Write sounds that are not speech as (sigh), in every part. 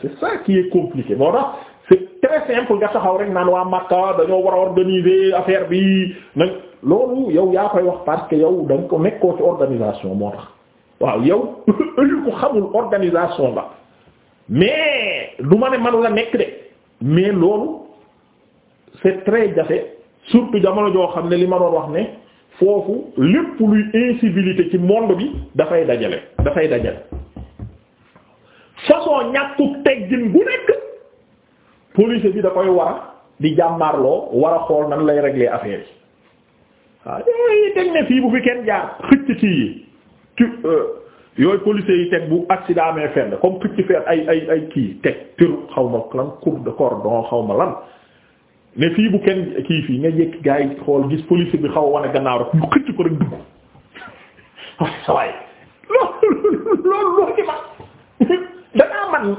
c'est ça qui est compliqué moo tax c'est très simple nga taxaw rek naan waa Makka dañoo war a organiser affaire bi nag loolu yow yaa koy wax parce que yow da ko nekkoo ci organisation moo tax waaw yow (laughs) ëllëg ko xamul organisation la mais du ma ne manu nekk de mais loolu c'est très jafe surtout jamono joo xam ne li ma wax ne foofu lépp luy incivilité ci monde bi dafay dajale dafay dajale façon ñàkkuk teggin bu nekk police bi da koy war di jàmmaarloo war a xool nan lay régler affaire yi waaw yooyu teg ne fii bu fi kenn jaar xëcc kii yi tu yooyu police yi teg bu accident amee fenn comme xëcc fenn ay ay kii teg tëru xaw ma lan cour de xaw ma lan ne fii bu kenn kii fii nga yëkk gars yi xool gis police bi xaw wane gannaaw rek ñu xëcc ko rek dugg waaye loolu loolu loolu ci ma man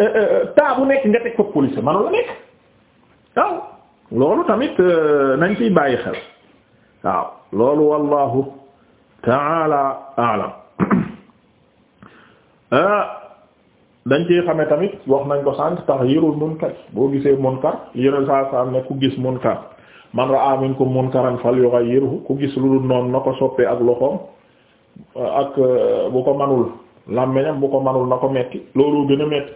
euh, euh, temps bu nekk nga teg ko police manu la nekk waaw loolu tamit euh, nañ ciy bàyyi xel waaw loolu wallahu taala alam (coughs) dañ ciy xame tamit wax nañ ko sànq taxyirul munkar boo gisee munkar yeneen saa saa ne ku gis munkar man ra'a minkum munkaran falyughayyirhu ku gis lu dul noonu na ko soppee ak loxoom ak bu ko manul làmmeñam bu ko manul na ko metti looloo gën a metti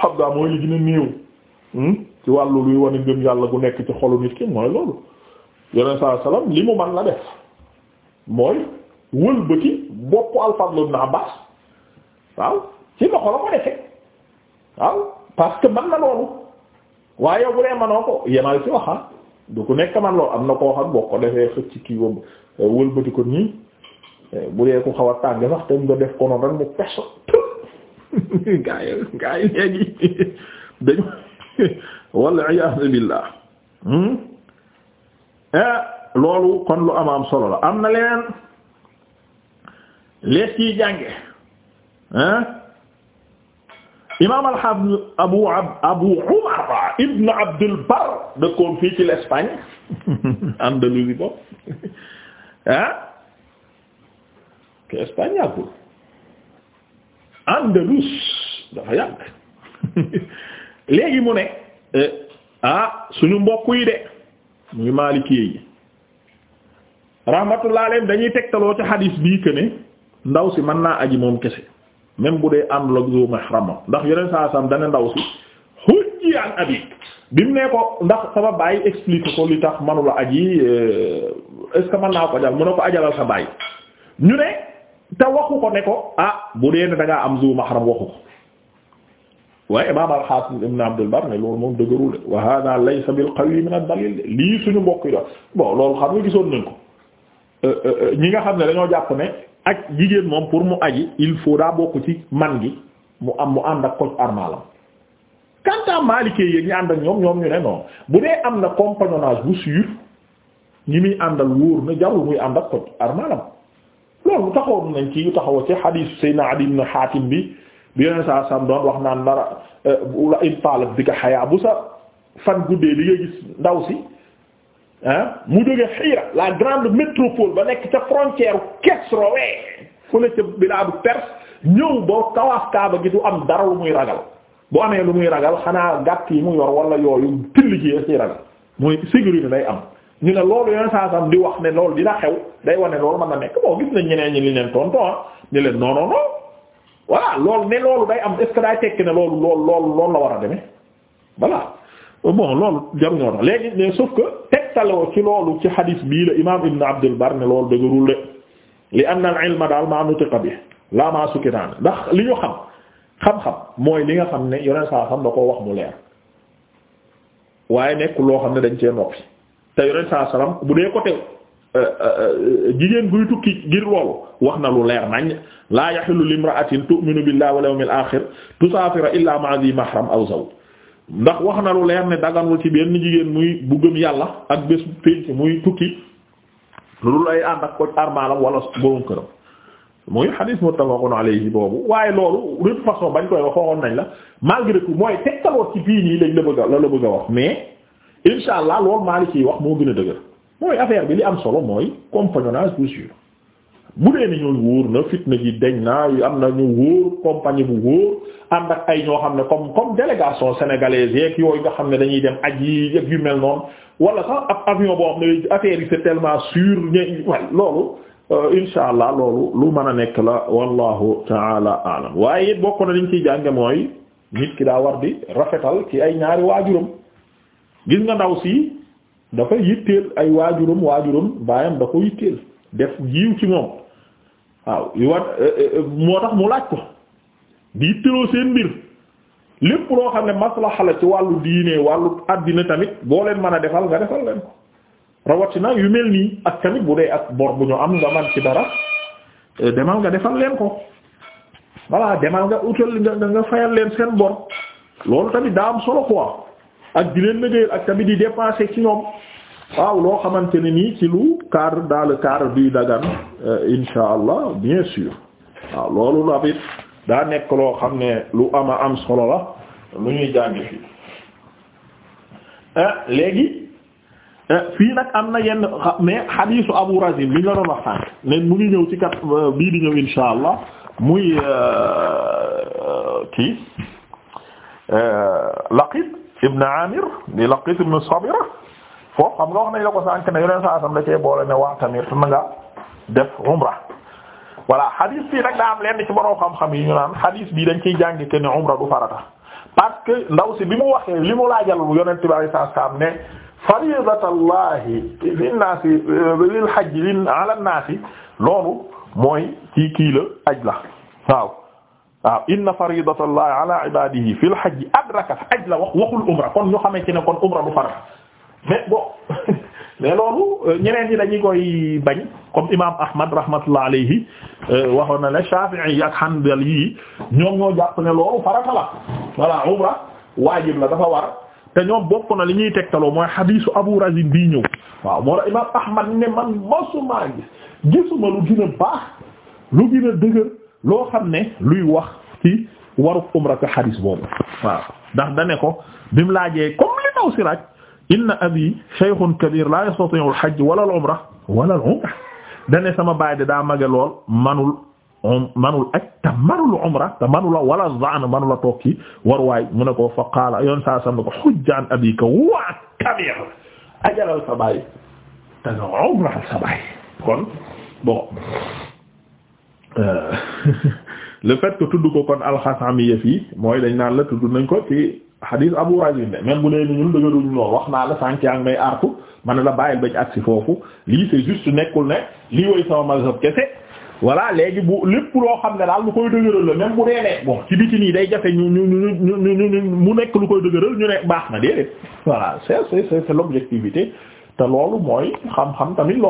xam gaa mooy li gën a néew hmm? ci wàllu luy wane ngëm yàlla gu nekk ci xolu nit ki mooy loolu yeneen saa salaam li mu man la def mooy wëlbati boppu al-Fadl ibn Abbas waaw ci loxo la ko defee waaw parce man na loolu waaye bu dee manoo ko yemal ci waxa ah. du ku nekk man loolu am na koo xam boo ko defee xëcc kii wëlbati ko nii bu dee ku xaw a tàng sax te nga def ko noonu rek mu perso tëb gaa yi gaa yi léegi dañu walla iyaazu billaah hmm? eh, loolu kon lu am solo la am na leneen lees ciy jànge ah imaam al-Hafiz abu abu Umar ibn Abdul Barr dëkkoon fii ci l'Espagne (laughs) Andalousie bopp ah que Espagne yàggul Andalus dafa yàgg (laughs) léegi mu ne eh, ah suñu mbokk yi de muy Maliki yi rahmatullah alayhim dañuy tegtaloo ci xadiis bii que ne ndaw si mën naa aji moom kese même bu dee àndul ak zo mahramam ndax yeneen saa sam dana ndaw si hujji an abi bi mu ne ko ndax sama baay explique ko li tax manula aji eh, est ce que naa ko ajal mu ne ko ajalal sa baay ñu ne. te waxu ko ne ko ah bu dee ne da ngaa am zu mahram waxu ko waaye imaam al ibn Abd al loolu moom dëgërul de wa hada laysa bil qawi min ad-dalil lii suñu mbokk yi la bon loolu xam nga gisoon nañ ko euh, euh, euh, ñi nga xam ne dañoo jàpp ne ak jigéen moom pour mu aji il faut daa bokk ci man gi mu am mu ànd ak koc armalam quant à Maliki yéeg ànd ak ñoom ñoom ñu ne non bu dee am na compagnonnage bu sûr ñi muy àndal wóor na jarul muy ànd ak loolu taxoon nañ ci yu taxaw ci xadiis Seydina Adi ibn Xaatim bi bi yeneen saa sam doon wax naan dara euh, la in bi ka xayaa bu sa fan guddee di gis ndaw si mu jóge Xiira la grande métropole ba nekk ca frontière Kesrowe fële ca bilaadu Perse ñëw boo tawaaf Kaaba gi du am dara lu muy ragal bu amee lu muy ragal xanaa gàtt yi mu yor wala yooyu till ci ciy ragal mooy sécurité lay am ñu ne loolu yeneen saa sam di wax ne loolu dina xew day wane loolu mën na nekk bon gis nañ ñeneen ñi li leen tontu ah ñu leen non non non loolu ne loolu day am est-ce que day tekki ne loolu loolu la war a demee voilà bon loolu jaruñoo ñoo tax léegi mais sauf que tegtaloo ci loolu ci hadis bii la imaam Ibn Abdul Bar ne loolu dëgërul de li anna al ilma daal maa nutiqa bi laa maa sukitaan ndax li ñu xam xam-xam mooy li nga xam ne yeneen saa sam da wax mu leer waaye nekk loo xam ne dañ cee noppi. tey yonent saa bu dee côté euh, euh, jigéen buy tukki ngir loolu wax na lu leer nañ laa yaxillu limra'atin tu'minu billahi wal yawmil aaxir tusaafira illaa ma'a dhi mahram aw zawj ndax wax na lu leer ne daganul ci benn jigéen muy bu gëm yàlla ak bés pénc muy tukki lu dul ay ànd ak ko armaalam wala borom këram muy hadith muttafaqun alayhi boobu waaye loolu de façon bañ koy waxoon nañ la malgré tout mooy tegtaloo ci fii nii lañ la bëgg la la bëgg a wax mais. insha allah loolu Maliki wax moo gën a dëgër mooy affaire bi li am solo mooy compagnonnage toujours bu dee ni ñooy wóor na fitna ji deñ na am na ñu wóor compagnie bu wóor ànd ak ay ñoo xam ne comme comme délégation sénégalaise yeeg yooyu nga xam ne dañuy dem aj yi yëg yu mel noonu wala sax ab avion boo xam ne affaire yi c'est tellement sûr ña way loolu euh, insha allah loolu lu mën a nekk la wallahu taala alam waaye it bokk na liñ ciy jànge mooy nit ki daa war di rafetal ci ay ñaari waajuram gis nga ndaw si dafa yitteel ay waajuram waajuram baayam da ko yitteel def jiw ci moom waaw wat eh, eh, eh, moo tax mu laaj ko di yitteeloo seen mbir lépp loo xam ne maslaxa la ci wàllu diine wàllu àddina tamit boo leen mën a defal nga defal leen ko rawatina yu mel nii ak tamit bu dee ak bor bu ñu am nga man ci dara demal nga defal leen ko voilà demal nga utal nga nga fayal leen seen bor loolu tamit daa am solo quoi ak di leen liggéeyal ak tamit di dépenser ci ñoom waaw loo xamante ne nii ci lu cadre dans le cadre du dagan euh, insha allah bien sûr waaw loolu la daa nekk loo xam ne lu ama am solo la lu ñuy jàngi fii euh, léegi euh, fii nag am na yenn mais xadiisu Abu Razim bi ñu la doon wax ne mu ngi ñëw ci kat bii di ñëw insha allah muy kii lakit ibn Amir di Laqit ibn Sabira foofu xam nga wax nañ la ko sànq ne yeneen saa sam da cee boole ne wax tamit na def umra voilà hadis nag daa am lenn ci borom xam-xam yi ñu naan hadis bi dañ ciy jàng que ne du farata parce que ndaw si bi mu waxee li mu laajal yonent bi sallallahu alayhi wasallam ne faridatallahi fi naasi lil hajj ala naasi loolu mooy ci kii la aj la waaw. waaw inna faridatallahi ala ibadihi fil hajji adraka hajj la wax waxul umra kon ñu xamante ne kon umra du farata mais bon (laughs) mais loolu euh, ñeneen ñi dañu koy bañ comme imam ahmad rahmatullah alayhi euh, waxoon na ne shafi'i yi ak hanbali yi ñoo jàpp ne loolu farata la voilà umra waajib la dafa war te ñoom bokk na li ñuy tegtaloo mooy hadisu abu razin bii ñëw waaw moo imam ahmad ne man masumaa gis gisuma lu gën a baax lu gën a dëgër loo xam ne luy wax ci waru umra boobu waaw ndax dane ko bimu laajee comme li naw si laaj inna abi shaykhun kabir la yastati'u al-hajj wala al-umra wala al-umra dane sama baay de daa mage lool manul um, manul aj te manul umra te manula wala zaan manula toog ci waruwaay mu ne ko fa qaala yoon saa sam ne ko hujja an kabir ajalal sa baay te nga umra sa baay kon bon Euh, (laughs) le fait que tudd ko kon alxasamiya fii mooy dañ naan la tudd nañ ko ci hadis Abu Razin de même bu nee ni ñun dëgëruñ lool wax naa la sànq yaa ngi may artu man la bàyyil bañ agsi foofu lii c'est juste nekkul ne lii woy sama mazhab kese voilà léegi bu lépp loo xam ne daal lu koy dëgëral la même bu dee ne bon ci biti nii day jafe ñu ñu ñu ñu mu nekk lu koy dëgëral ñu ne baax na déedéet voilà c'est c'est c'est l'objectivité te loolu mooy xam-xam tamit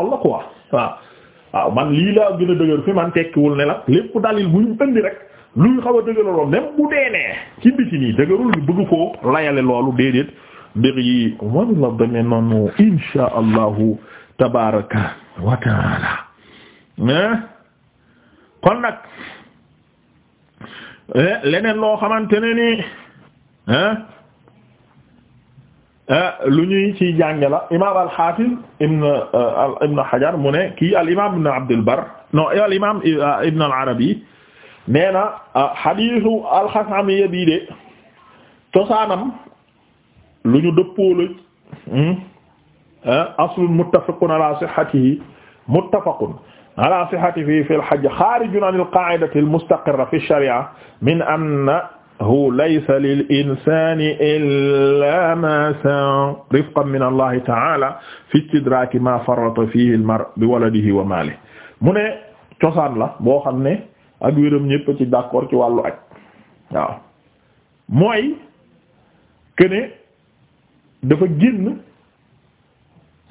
waaw man lii laa gën a dëgër fi man tekkiwul ne la lépp dalil bu ñu indi rek luy xaw a dëgëraloon même bu deenee ci biti dëgërul ñu bëgg koo layale loolu déedéet mbir yi wanu la demee noonu insha allahu tabaraka wa taala eh? kon nag eh, leneen loo xamante ne nii eh? Ah, lu ñuy ci jànge la imaam al-Hafiz ibn ah, ibn Hajar mu ne kii al imaam ibn Abdul Barr non al imaam ah, ibn al-Arabi nee na hadiisu al-Xasamiya bii de cosaanam lu ñu dëppoo la hmm, aslun muttafaqun ala sihhatihi muttafaqun ala sihhatihi fi al-hajj xaarijun an al-qaa'idati al-mustaqirra fi ash-shari'a min anna hu laysa lil insani illa ma sa'a rifqan min allahi taala fi istidraki ma farrata fihi al mar bi waladihi wa malihi mu ne cosaan la boo xam ne ak wéram ñëpp ci d'accord ci wàllu aj waaw mooy kene dafa génn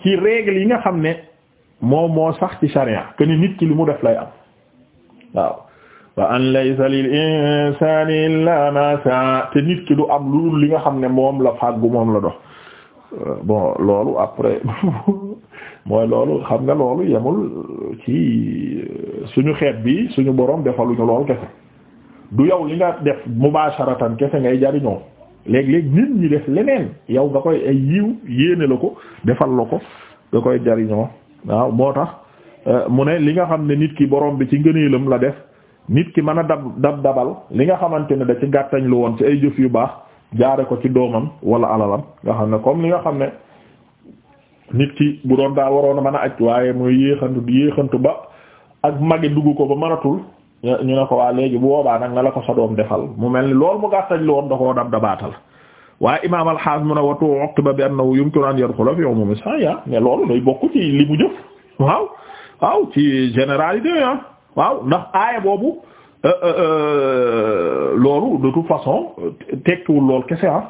ci règle yi nga xam ne moom moo sax ci sharia kene nit ki li mu def lay am waaw wa an laysa lil insani illa ma saa te nit ki du am lu dul li nga xam ne moom la fàggu moom la dox euh, bon loolu après (laughs) mooy loolu xam nga loolu yemul ci euh, suñu xeet bi suñu borom defaluñu loolu kese du yow li nga def mubasharatan kese ngay jariñoo léeg-léeg nit ñi def leneen yow nga koy ay yiw yéene la ko defal la ko nga koy jariñoo waaw moo tax euh, mu ne li nga xam ne nit ki borom bi ci ngëneelam la def nit ki mën a dab dab dabal li nga xamante ne da ci gàttañ lu woon ci ay jëf yu baax jaare ko ci doomam wala alalam nga xam ne comme li nga xam ne nit ki bu doon daa waroon a man a aj waaye muy yéexantu di ba ak magi dugg ko ba mënatul ñu ne ko waa léegi bu boobaa nag na la ko sa doom defal mu mel ni loolu mu gàttañ lu woon da koo dab dabaatal waaye imaam alxaas mu ne watu uqiba bi annahu yumkinu an yadxula fi umumi saaya ne loolu day bokk ci li mu jëf waaw waaw ndax aaya boobu euh, euh, euh, loolu de toute façon tekkiwul lool kese ah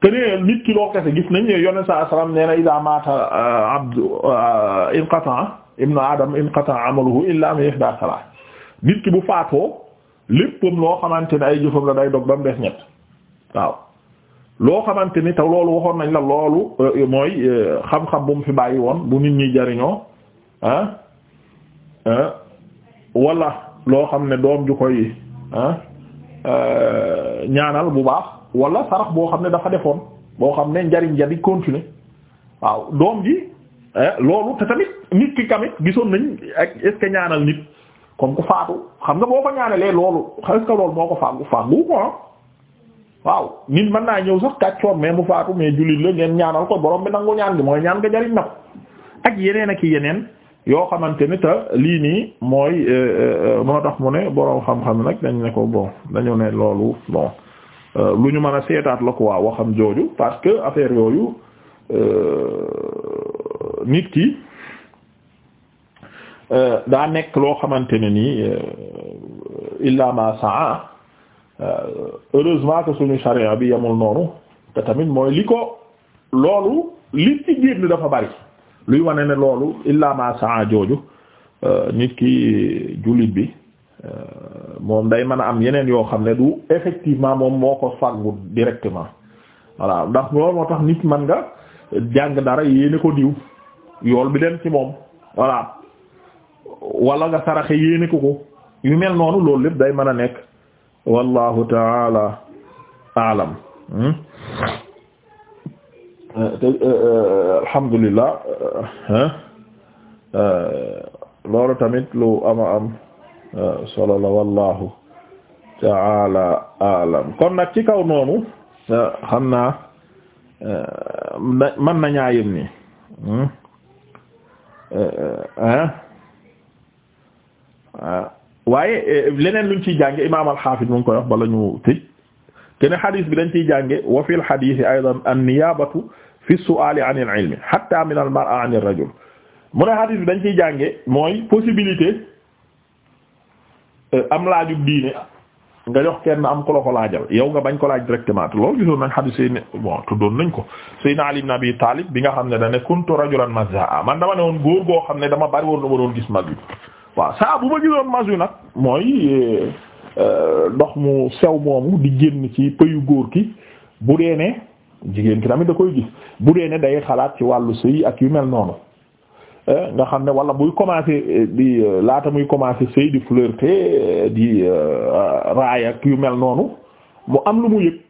te ne nit ki loo kese gis nañ ne yonent saa salaam nee na idaa maata abdu inqata ibnu adam inqata amaluhu illa min ihda salah nit ki bu faatoo léppam loo xamante ne ay jëfam la day dog ba mu des ñett waaw loo xamante ni te loolu waxoon nañ la loolu mooy xam-xam bu mu fi bàyyi woon bu nit ñi jariñoo ah, ah wala loo xam ne doom ju koy ah, euh, ñaanal bu baax wala sarax boo xam ne dafa defoon boo xam ne njariñ ja di waaw doom ji eh, loolu te tamit nit ki tamit gisoon nañ ak est ñaanal nit comme ku faatu xam nga boo ko ñaanalee loolu est-ce que loolu moo ko fàggu fàggu ko ah. waaw nit man naa ñëw sax kàccoon mais mu faatu mais jullit la ngeen ñaanal ko borom bi nangu ñaan gi mooy ñaan nga jariñ na ko ak yeneen ak yeneen. yoo xamante ni te lii nii mooy euh, euh, moo tax mu ne boroom xam-xam nag dañ ne ko bon dañu ne loolu bon euh, lu ñu mën a seetaat la ko waaw quoi xam jooju parce que affaire yooyu nit ki daa nekk loo xamante ne nii illa ma saa heureusement que suñu charia bi yamul noonu te tamit mooy li ko loolu li ci génn dafa bari luy wane ne loolu illa ma saa jooju euh, nit ki jullit bi euh, moom day mën a am yeneen yoo xam ne du effectivement moom moo ko fàggu directement voilà ndax loolu moo tax nit mën nga jàng dara yéene ko diw yool bi dem ci moom voilà wala nga saraxe yéene ko ko yu mel noonu loolu lépp day mën a nekk wallahu taala alam hmm? te eh, eh, alhamdulillah eh, loolu tamit lu ama am solo la wallahu taala alam kon nag ci kaw noonu xam naa man na ñaayam ni hmm? waaye leneen luñ ciy jànge imaam al-Hafiz mu ngi koy kene xadis bi dañ ciy jànge wa fi lxaditi aidan an niyabatu fi suali an il ilmi hatta min al mar'a bi jànge mooy possibilité euh, am laajub diine nga jox kenn am ko la ko laajal yow nga bañ ko laaj directement te loolu gisoon nañ xadis yi bon tuddoon nañ ko Seydina Ali ibn Abi Talib bi nga xam ne dane kuntu rajulan mazaa man dama ne woon góor goo xam ne dama bari woon lu ma doon gis mag yi waaw saa bu gisoon mag yu nag mooy euh, Euh, ndox mu sew moomu di génn ci pëyu góor ki bu dee ne jigéen ki tamit da koy gis bu dee ne day xalaat ci wàllu sëy ak yu mel noonu euh, nga xam ne wala buy commencer euh, di laata muy commencer sëy di flirter di raay ak yu mel noonu mu am lu mu yëg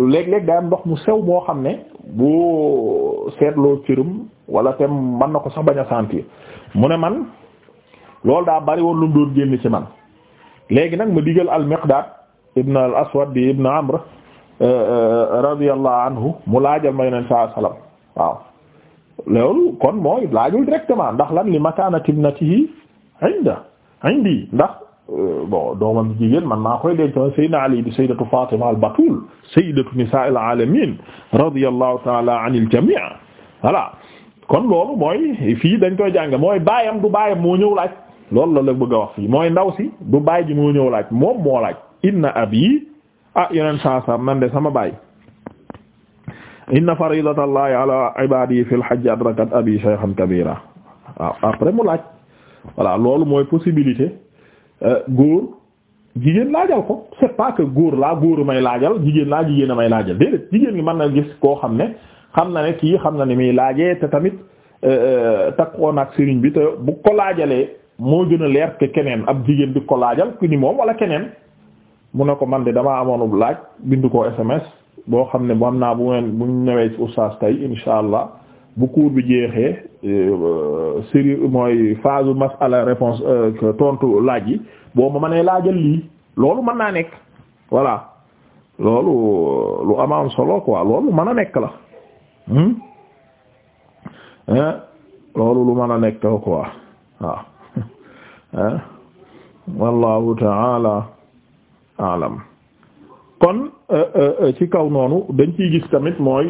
léeg-léeg day ndox mu sew moo xam ne boo seetloo cëram wala te mën na ko sax bañ a sentir mu ne man loolu daa bari woon lu mu génn ci man léegi nag ma digal al miqdaad ibn al aswad bi ibn amr euh, euh, radiyallahu anhu mu laaj ma yoneen saa salaam waaw loolu kon mooy laajul directement ndax lan li makaanati ibnatihi inda indi ndax euh, bon doomam jigéen man maa koy dencoon sayyidina ali di sayyidatu fatima al batul sayyidatu nisaa al alamin radiyallahu ta'ala anil jami' voilà kon loolu mooy fii dañ koy jàng mooy baayam du baayam moo ñëw laaj loolu la la bëgg wax fii mooy ndaw si du baay ji moo ñëw laaj moom moo laaj inna abi ah yeneen saa saa man de sama baay inna faridatallahi ala ibadihi fil hajj adrakat abi shaykhan kabira waaw après mu laaj voilà loolu mooy possibilité euh, góor jigéen laajal ko c'est pas que góor laa góor may laajal jigéen laa jigéen a may laajal déedéet jigéen ñi man na gis koo xam ne xam na ne kii xam na ni muy laajee te tamit euh, euh, takkoon ak sëriñ bi te bu ko laajalee moo gën a leer keneen ab jigéen di ko laajal ku walla keneen mu ne ko man de damaa amoonub laaj bindu ko SMS boo xam ne bu naa bu ngeen bu ñëwee ci oustaz tey insha allah bu cours bi jeexee euh, série mooy phase masala réponse euh, tontu laaj yi boo ma mënee laajal lii loolu mën naa nekk voilà loolu lu amaan solo quoi loolu mën a nekk la hmm? eh? loolu lu mën a nekk quoi waaw Eh? wallahu taala alam kon eh, eh, ci kaw noonu dañ ciy gis tamit mooy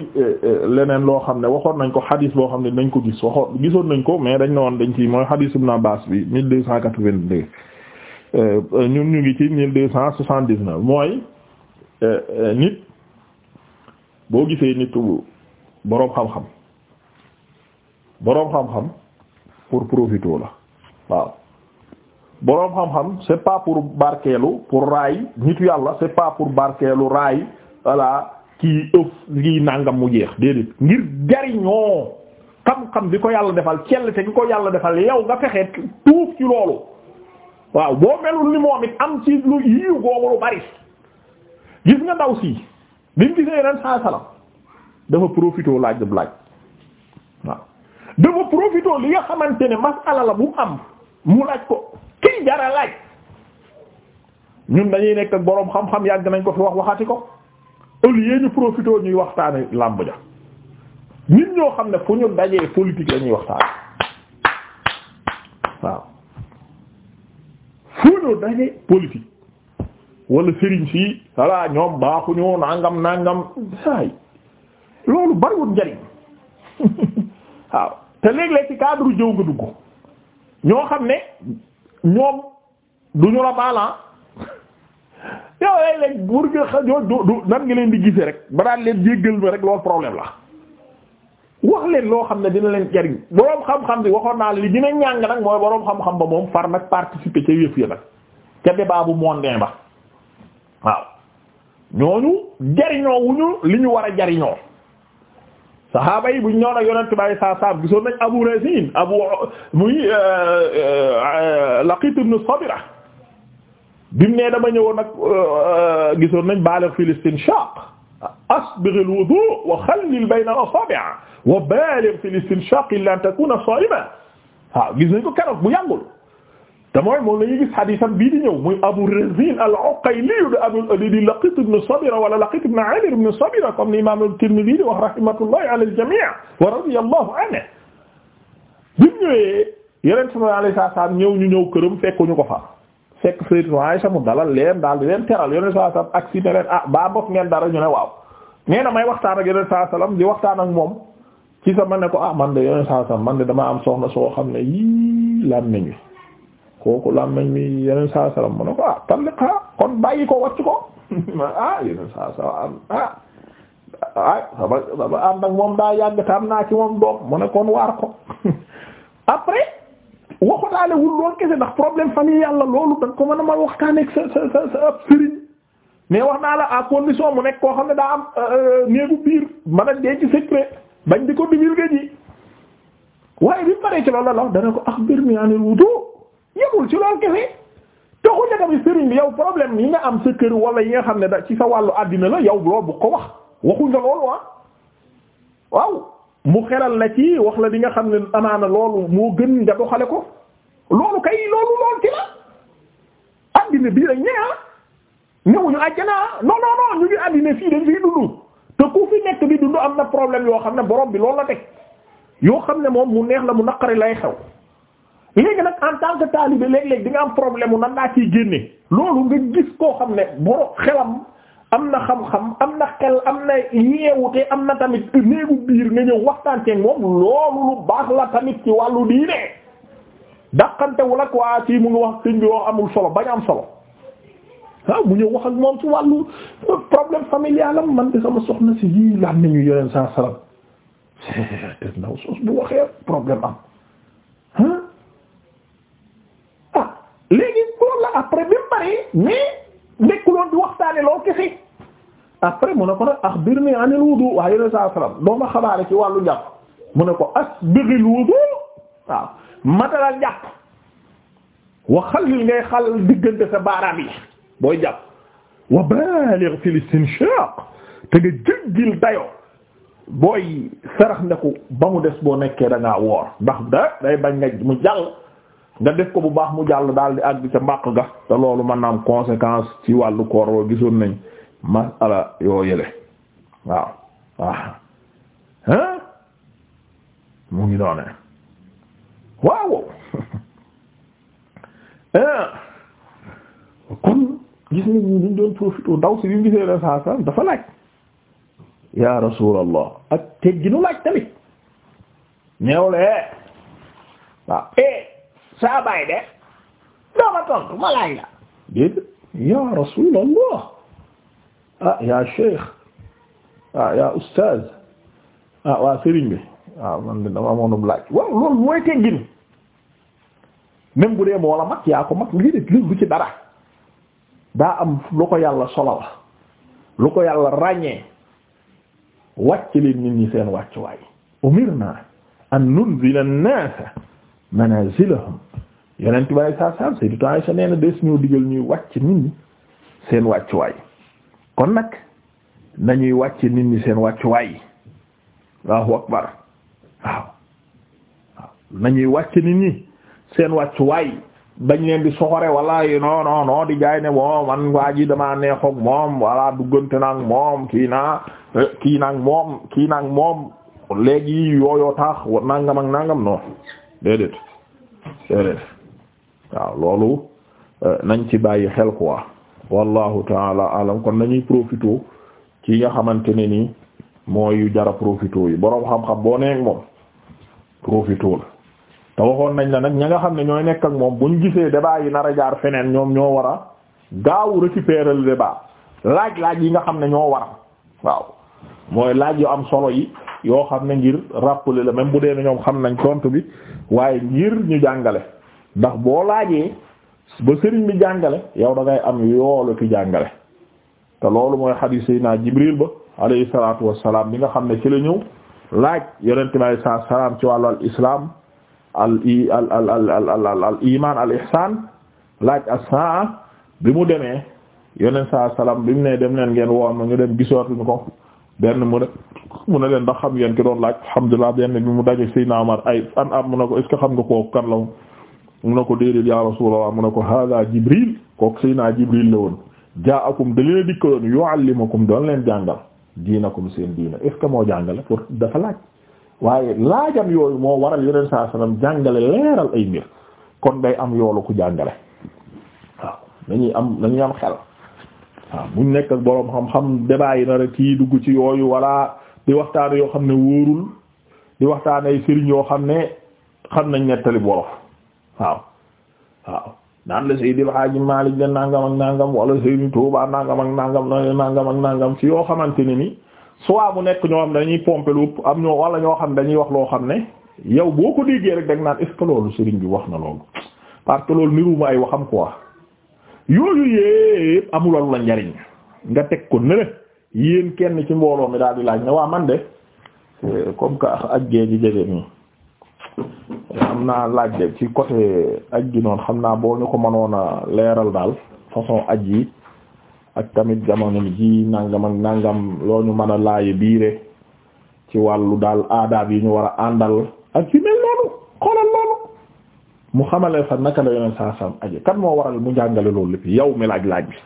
leneen loo xam ne waxoon nañ ko xadis boo xam ne dañ ko gis waxoon gisoon nañ ko mais dañ ne woon dañ ciy mooy xadis Ibn Abbas bi mille deux cent quatre-vingt-deux ñun ñu ngi ci mille deux cent soixante-dix-neuf mooy nit boo gisee nitu boroom xam-xam boroom xam-xam pour profiter la waaw boroom xam-xam c'est pas pour barkeelu pour raay nit yàlla c'est pas pour barkeelu raay voilà kii ëf nàngam mu jeex déedéet ngir jariñoo xam-xam bi ko yàlla defal cell te gi ko yàlla defal yow nga fexe tuuf ci loolu waaw boo melul ni moom it am ci lu yiw googu lu bari gis nga ndaw si bi mu gisee ren saa dafa profité laaj bu laaj waaw dafa profité li nga xamante ne masala la bu am mu laaj ko ki jara laaj ñun dañuy nekk boroom xam-xam yàgg nañ ko fi wax waxati ko au lieu ñu profité ñuy waxtaane làmb ja nit ñoo xam ne fu ñu dajee politique la ñuy waxtaane waaw fu ñu dajee politique wala sëriñ si voilà ñoom baaxuñu nangam nangam saay loolu bariwul njariñ (laughs) waaw te léeg-léeg ci cadre jëw nga dugg ñoo xam ne ñoom du ñu la baala ah. yow léeg-léeg pour que xa du du nan nga leen di gisee rek ba daan leen jéggal ma rek loolu problème la wax leen loo xam ne dina leen jariñ boroom xam-xam bi waxoon naa li dina ñàng nag mooy boroom xam-xam ba moom far nag participer ca yëf ya nag ca débat bu mondain ba waaw ñooñu jariñoo wuñu li ñu war a jariñoo saxaaba yi buñ ñëw nag yonent bi saa saam gisoon nañ Abu Razin Abu muy euh, euh, Laqit ibn Sabira bi mu ne dama ñëwoon nag euh, gisoon nañ baligh fil istinshaq asbigh al wudu wa khallil bayna al asabi' wa baligh fil istinshaq illa an takuna sa'iman waaw gis nañ ko keroog bu yàggul te mooy moom la ñuy gis xadisam bii di ñëw muy Abu Razin al-Uqayli di Laqit ibn Sabira wala Laqit ibn Amir ibn Sabira comme ni imam at-Tirmidhi di wax rahmatullahi ala al-jami' wa radiyallahu anhu bi mu ñëw ñu ñëw këram fekkuñu ko fa fekk Sayyidatu Aisha mu dalal leen daal di leen teral yeneen sallallahu alayhi wa ak si ne leen ah baa bokk ngeen dara ñu ne waaw nee na may waxtaan ak yeneen sallallahu alayhi di waxtaan ak moom ci sama ne ko ah man de yeneen sallallahu alayhi wa man de dama am soxna soo xam ne yii lam nañu kooku làmmañ mi yeneen saa salaam mu ne ko ah talliqa ah, kon bàyyi ko wàcc ko (laughs) ah yeneen saa salaam ah ah sama sama ànd ak moom daa yàgg te naa ci moom doom mu ne kon waar ko (laughs) après waxutaale wul lool kese ndax problème famille yàlla loolu da nga ko mën a mën waxtaanee ak sa sa sa sa ab sëriñ wax naa la à condition mu nekk koo xam ne daa am euh, euh, néegu biir mën a denc secret bañ di ko divulguer ji waaye bi mu paree ci loolu la dana ko akhbirni anil wudu yemul ci loolu kese taxul na tamit sëriñ bi yow problème yi nga am sa kër wala yi nga xam ne da ci sa wàllu àddina la yow loolu bu ko wax waxuñ la loolu ah waaw mu xelal la ci wax la li nga xam ne amaana loolu moo gën nga doxale ko loolu kay loolu loolu ci la àddina bii rek ñëwaat ah. ñëwuñu àjjana ah. non non non ñu ngi àddina fii dañ fiy dund te ku fi nekk di dund am na problème yoo xam ne borom bi loolu la teg yoo xam ne moom mu neex la mu naqari lay xew. léegi nag en tant que taalibe léeg-léeg di nga am problème mu nan laa ciy génne loolu nga gis koo xam ne boro xelam am na xam-xam am na xel am na yeewute am na tamit néegu biir nga ñëw waxtaan ceeg moom loolu lu baax la tamit ci wàllu diine dàqantewul ak waa ci mu ngi wax sëñ bi amul solo bañ am solo waaw mu ñëw wax ak moom ci wàllu euh, problème familial am man de sama soxna si yii laan nañu yeneen saa salaam te (laughs) ndaw soos bu waxee problème am mais nekkuloon di waxtaane lool kese après mu ne ko nag axbirni anil wudu waaw yeneen saa salaam doo ma xabaare ci wàllu njàpp mu ne ko asbiril wudu waaw matalal njàpp wa xallil ngay xal diggante sa baaraam yi booy jàpp wa baligh fil istinshaq te nga jéggil dayoo booy sarax ne ba mu des boo nekkee da woor ndax day bañ nga mu jàll nga def ko bu baax mu jàll daal di àgg ca mbàq ga te loolu mën na am ci wàllu koor woo gisoon nañ masala yoo yële waaw waaw ah. hein mu ngi noonee waaw (laughs) doon profité ndaw si bi mu gisee saa saa dafa laaj yaa rasuulallah ak tegginu laaj tamit ñeewle waaw eh. saa baay de doo ma tontu ma laaj la déedéet ya rasulallah ah ya ah, ah, waa sëriñ bi waaw ah, man de dama amoonum laaj waaw loolu mooy teggin même bu dee moo la mag yaa ko mag lii de dara daa am lu ko yàlla solo la lu ko yàlla ràññee wàcc seen wàcc waay umirna an nunzila an-nas manazilahum yeneen tubaab saa saa Sayyidatu Aisha nee des ñoo digal ñuy wàcc nit ñi seen wàccuwaay kon nag nañuy wàcc nit ñi seen wàccuwaay nañuy wàcc nit seen wàccuwaay bañ leen di soxore wala yi non non di jaay ne moom man waa ji damaa neexoog moom wala duggante naag moom kii naa eh, kii naag moom kii naag moom léegi yooyoo tax nangam ak nangam non déedéet déedéet. waaw loolu euh, nañ ci bàyyi xel quoi wallahu taala alam kon nañuy profité ci nga xamante ne nii mooy yu jara profité yi boroom xam-xam boo neeg moom profité la te waxoon nañ la nag ñi nga xam ne ñooy nekk ak moom ñu gisee débat yi nar a jaar feneen ñoom ñoo war a gaawu récupérer le laaj-laaj yi nga xam ne ñoo war waaw mooy laaj yu am solo yi yoo xam ne ngir rappeler la même bu dee ne ñoom xam nañ tontu bi waaye ngir ñu jàngale ndax boo laajee ba sëriñ bi jàngale yow da ngay am yoolu ki jàngale te loolu mooy xadiis yi naa Jibril ba alayhi salaatu wassalaam bi nga xam ne ci la ñëw laaj yonente bi alayhi ci wàllu al islam al i al al al al al laaj as-saa bi mu demee yonent saa salaam bi mu ne dem nen ngeen woo na ñu dem gisootuñu ko benn mu ne mu ne leen ndax xam ngeen ki doon laaj alhamdulilah benn bi mu daje Seydina Omar ay an am mu ne ko est ce que xam nga kooku kan la mu ne ko déedéet ya rasulallah mu ne ko hada jibril kook sayna jibril la woon jaakum da leen a dikkaloon yuallimukum doon leen jàngal diinakum seen diina est ce moo jàngale pour dafa laaj waaye laajam yooyu moo waral yeneen saa sallam jàngale leeral ay mbir kon day am yoolu ku jàngale waaw dañuy am dañuy am xel waaw nekk ak boroom xam-xam débat yi na rek kii dugg ci yooyu wala di waxtaan yoo xam ne wóorul di waxtaan ay sëriñ yoo xam ne xam nañ nettali wolof waaw waaw naan la Seydil Haaji Maalik de nangam ak nangam wala Seydi Tuubaa nangam ak nangam nangam ak nangam yoo xamante ne ni soit mu nekk ñoo xam dañuy pomper lu am ñoo wala ñoo xam dañuy wax loo xam ne yow boo ko déggee rek dag naan est loolu sëriñ bi wax na loolu parce que loolu niruma ay waxam quoi yooyu yépp amulalu la njariñ nga teg ko nële yéen kenn ci mbooloo mi daal di laaj ne waa man de comme que ak géej gi jege nii. xam naa laaj de ci côté aj gi noonu xam naa boo ñu ko mënoon a leeral daal façon aj yi ak tamit jamono ji nangam ak nangam loo ñu mën a laaye biire ci wàllu daal aadaab yi ñu war a àndal ak fi mel noonu xoolal loolu mu xamale sax naka la yoneen saa sam aje kan moo waral mu jàngale loolu lépp yow mi laaj laaj bi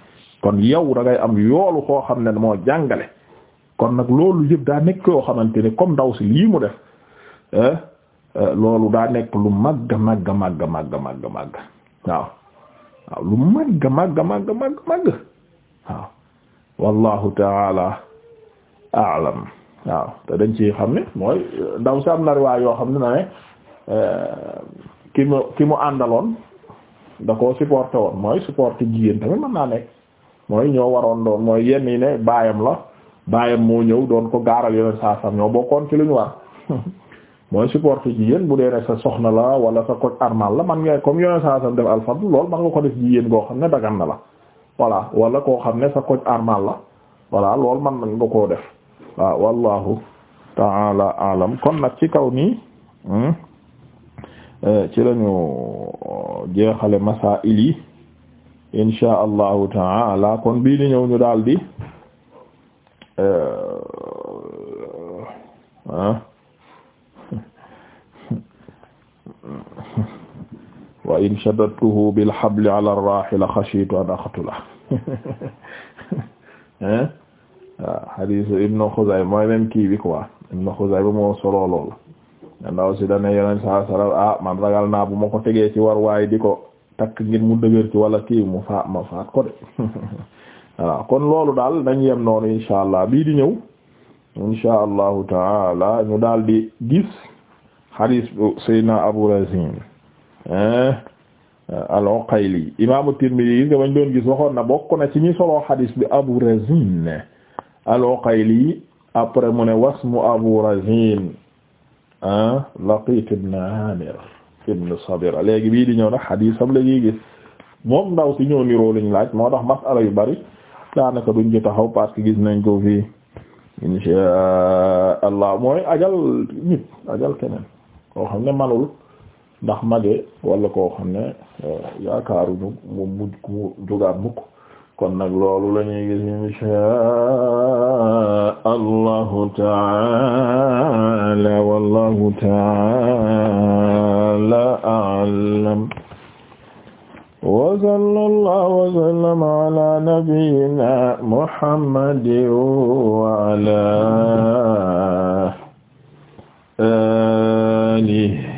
kon yow da ngay am yoolu xoo xam ne moo jàngale kon nag loolu yëpp daa nekk yoo xamante ni comme ndaw si lii mu def eh, loolu daa nekk lu màgg màgg màgg màgg màgg màgg waaw waaw lu màgg màgg màgg màgg waaw wallahu taala aalam waaw te dañ ci xam ne mooy ndaw si am na riwaay yoo xam ne na ne eh, ki mu ki mu àndaloon da ko supporté woon mooy supporté jigéen tamit mën naa nekk mooy ñoo waroon doon mooy yenn yi ne baayam la baayam moo ñëw doon ko gaaral yeneen saa sam ñoo bokkoon ci lu ñu war (laughs) mooy supporté jigéen bu dee ne sa soxna la wala sa koc armal la man ngay comme yoneen saa sam def nga ko def jigéen goo xam ne dagan na la voilà wala koo xam ne sa koc armal la voilà loolu man nga koo def waaw wallahu taala alam kon nag ci kaw nii hmm, euh, ci lañu euh, jeexale masaa'il yi insha allahu taala kon bii di ñëw ñu daldi euh, wa in bil habli ala ar-rahila an aqtulahu hein waaw ah, hadith Ibn Khuzayma mooy même kii bi quoi Ibn Khuzayma moo solo lool ndaw si dane yonent saa sallam ah man ragal naa bu ma ko tegee ci war waaye di ko takk ngir mu dëgër wala kii mu faat ma faat ko de (laughs) kon loolu daal dañ yem noonu insha bii di ñëw insha taala ñu daal di gis hadith Abu Razin Euh, al-Uqayli imaamu Tirmidhi gis nga bañ doon gis waxoon na bokk na ci ñi soloo xadis bi Abu Razin al-Uqayli après mu ne wasmu Abu Razin Laqit ibn Amir ibn Sabira léegi bii di ñëw nag xadisam la ñuy gis moom ndaw si ñëw niroo lañ laaj moo tax masala yu bari daanaka duñ ci taxaw parce que gis nañ ko fii insha Allah mooy ajal nit ajal keneen koo xam ne manul ndax mage wala koo xam ne euh, yaakaaruñu mu mujj mu jógaat mukk kon nag loolu la ñuy gis inshaa allahu taala wallahu taala a'lam wa sallallahu wa sallama ala nabiyyina muhammadin wa ala alihi